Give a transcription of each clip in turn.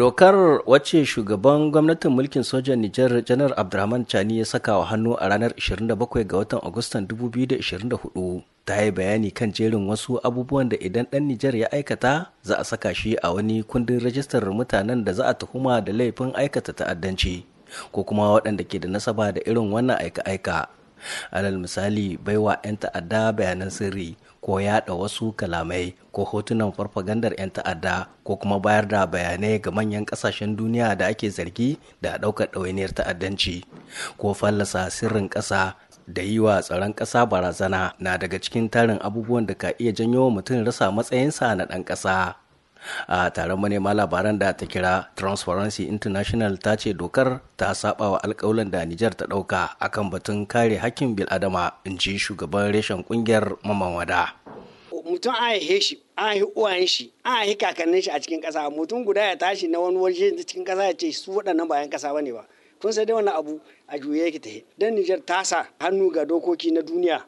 Dokar wacce shugaban gwamnatin mulkin sojan Nijar Janar Abdurrahman Chani ya saka wa hannu a ranar 27 ga watan Agustan 2024 ta yi bayani kan jerin wasu abubuwan da idan ɗan Nijar ya aikata za a saka shi a wani kundin rajistar mutanen da za a tuhuma da laifin aikata ta'addanci ko kuma waɗanda ke da nasaba da irin wannan aika-aika. alal misali baiwa 'yan ta'adda bayanan sirri ko yada wasu kalamai ko hotunan farfagandar 'yan ta'adda ko kuma bayar da bayanai ga manyan kasashen duniya da ake zargi da daukar ɗawainiyar ta'addanci ko fallasa sirrin ƙasa da yi wa tsaron ƙasa barazana na daga cikin tarin abubuwan da ka iya janyo mutum rasa matsayinsa na ɗan ƙasa. a taron manema labaran da ta kira transparency international ta ce dokar ta saba wa alkawalan da nijar ta dauka akan batun kare hakkin biladama in ji shugaban reshen kungiyar wada. mutum a shi a yi uwayen shi a yi kakannin shi a cikin kasa mutum guda ya tashi na wani waje cikin kasa ya ce su waɗannan bayan kasa bane ba kun sai dai wani abu a juye yake ta dan nijar ta sa hannu ga dokoki na duniya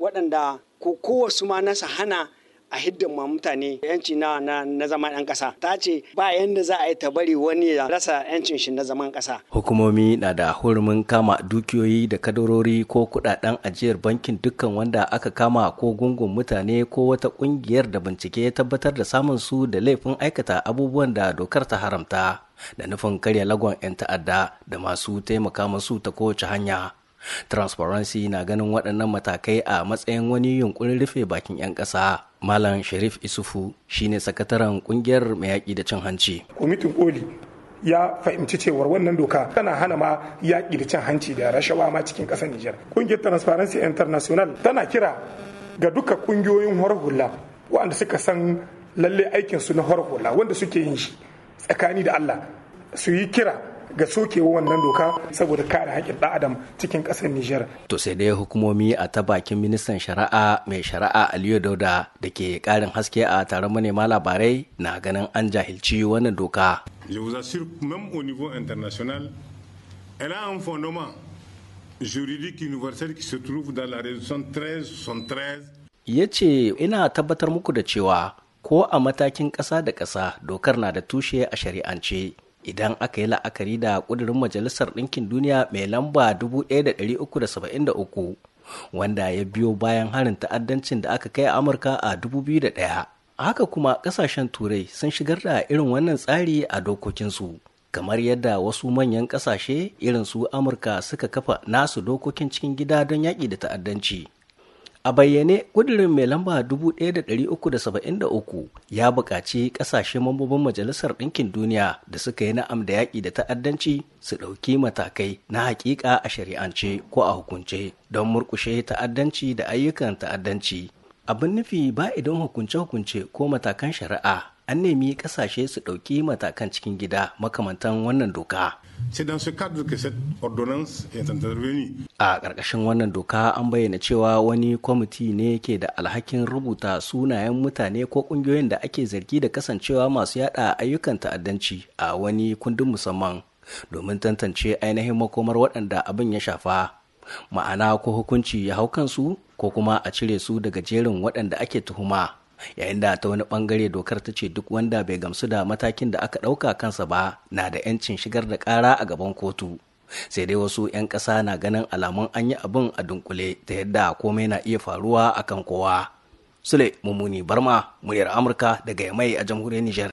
waɗanda ko su ma na hana a hiddin ma mutane yanci na na zama ɗan ƙasa ta ce ba yanda za a yi ta bari wani ya rasa yancin shi na zaman ƙasa hukumomi na da hurumin kama dukiyoyi da kadarori ko kuɗaɗen ajiyar bankin dukkan wanda aka kama ko gungun mutane ko wata ƙungiyar da bincike ya tabbatar da samun su da laifin aikata abubuwan da dokar ta haramta da nufin karya lagon 'yan ta'adda da masu taimaka masu ta kowace hanya transparency na ganin waɗannan matakai a matsayin wani yunkurin rufe bakin 'yan ƙasa malam sharif isufu shine sakataren ƙungiyar mai yaƙi da cin hanci kwamitin koli ya fahimci cewar wannan doka tana hana ma yaƙi da cin hanci da rashawa ma cikin ƙasar nijar ƙungiyar transparency international tana kira ga duka ƙungiyoyin hula waɗanda suka san lalle aikinsu na hula wanda suke yin shi tsakani da allah su yi kira ga sokewa wannan doka saboda kare haƙƙin ɗan adam cikin ƙasar Nijar. To sai dai hukumomi a ta bakin ministan shari'a mai shari'a Aliyu Dauda da ke ƙarin haske a taron manema labarai na ganin an jahilci wannan doka. Je vous assure même au niveau a un fondement juridique universel qui se trouve dans la résolution Ya ce ina tabbatar muku da cewa ko a matakin ƙasa da ƙasa dokar na da tushe a shari'ance. idan aka yi la'akari da ƙudurin majalisar ɗinkin duniya mai lamba 1373 wanda ya biyo bayan harin ta'addancin da aka kai a amurka a 2001 haka kuma ƙasashen turai sun shigar da irin wannan tsari a dokokinsu kamar yadda wasu manyan ƙasashe irin su amurka suka kafa nasu dokokin cikin gida don yaƙi da ta'addanci A bayyane kudirin mai lamba 1373 ya buƙaci ƙasashe mambobin Majalisar Ɗinkin Duniya da suka yi na'am da yaƙi da ta'addanci su ɗauki matakai na haƙiƙa a shari'ance ko a hukunce don murƙushe ta'addanci da ayyukan ta'addanci. Abin nufi ba idan hukunce-hukunce ko matakan shari'a an nemi kasashe su ɗauki matakan cikin gida makamantan wannan doka. A ƙarƙashin wannan doka an bayyana cewa wani kwamiti ne ke da alhakin rubuta sunayen mutane ko ƙungiyoyin da ake zargi da kasancewa masu yada ayyukan ta'addanci a wani kundin musamman domin tantance ainihin makomar waɗanda abin ya shafa. Ma'ana ko hukunci ya hau kansu ko kuma a cire su daga jerin waɗanda ake tuhuma. yayin da ta wani bangare dokar ta ce duk wanda bai gamsu da matakin da aka ɗauka kansa ba na da 'yancin shigar da ƙara a gaban kotu sai dai wasu 'yan ƙasa na ganin alamun an yi abin a dunkule ta yadda komai na iya faruwa a kan kowa sule mummuni barma muryar amurka daga yamai a jamhuriyar nijar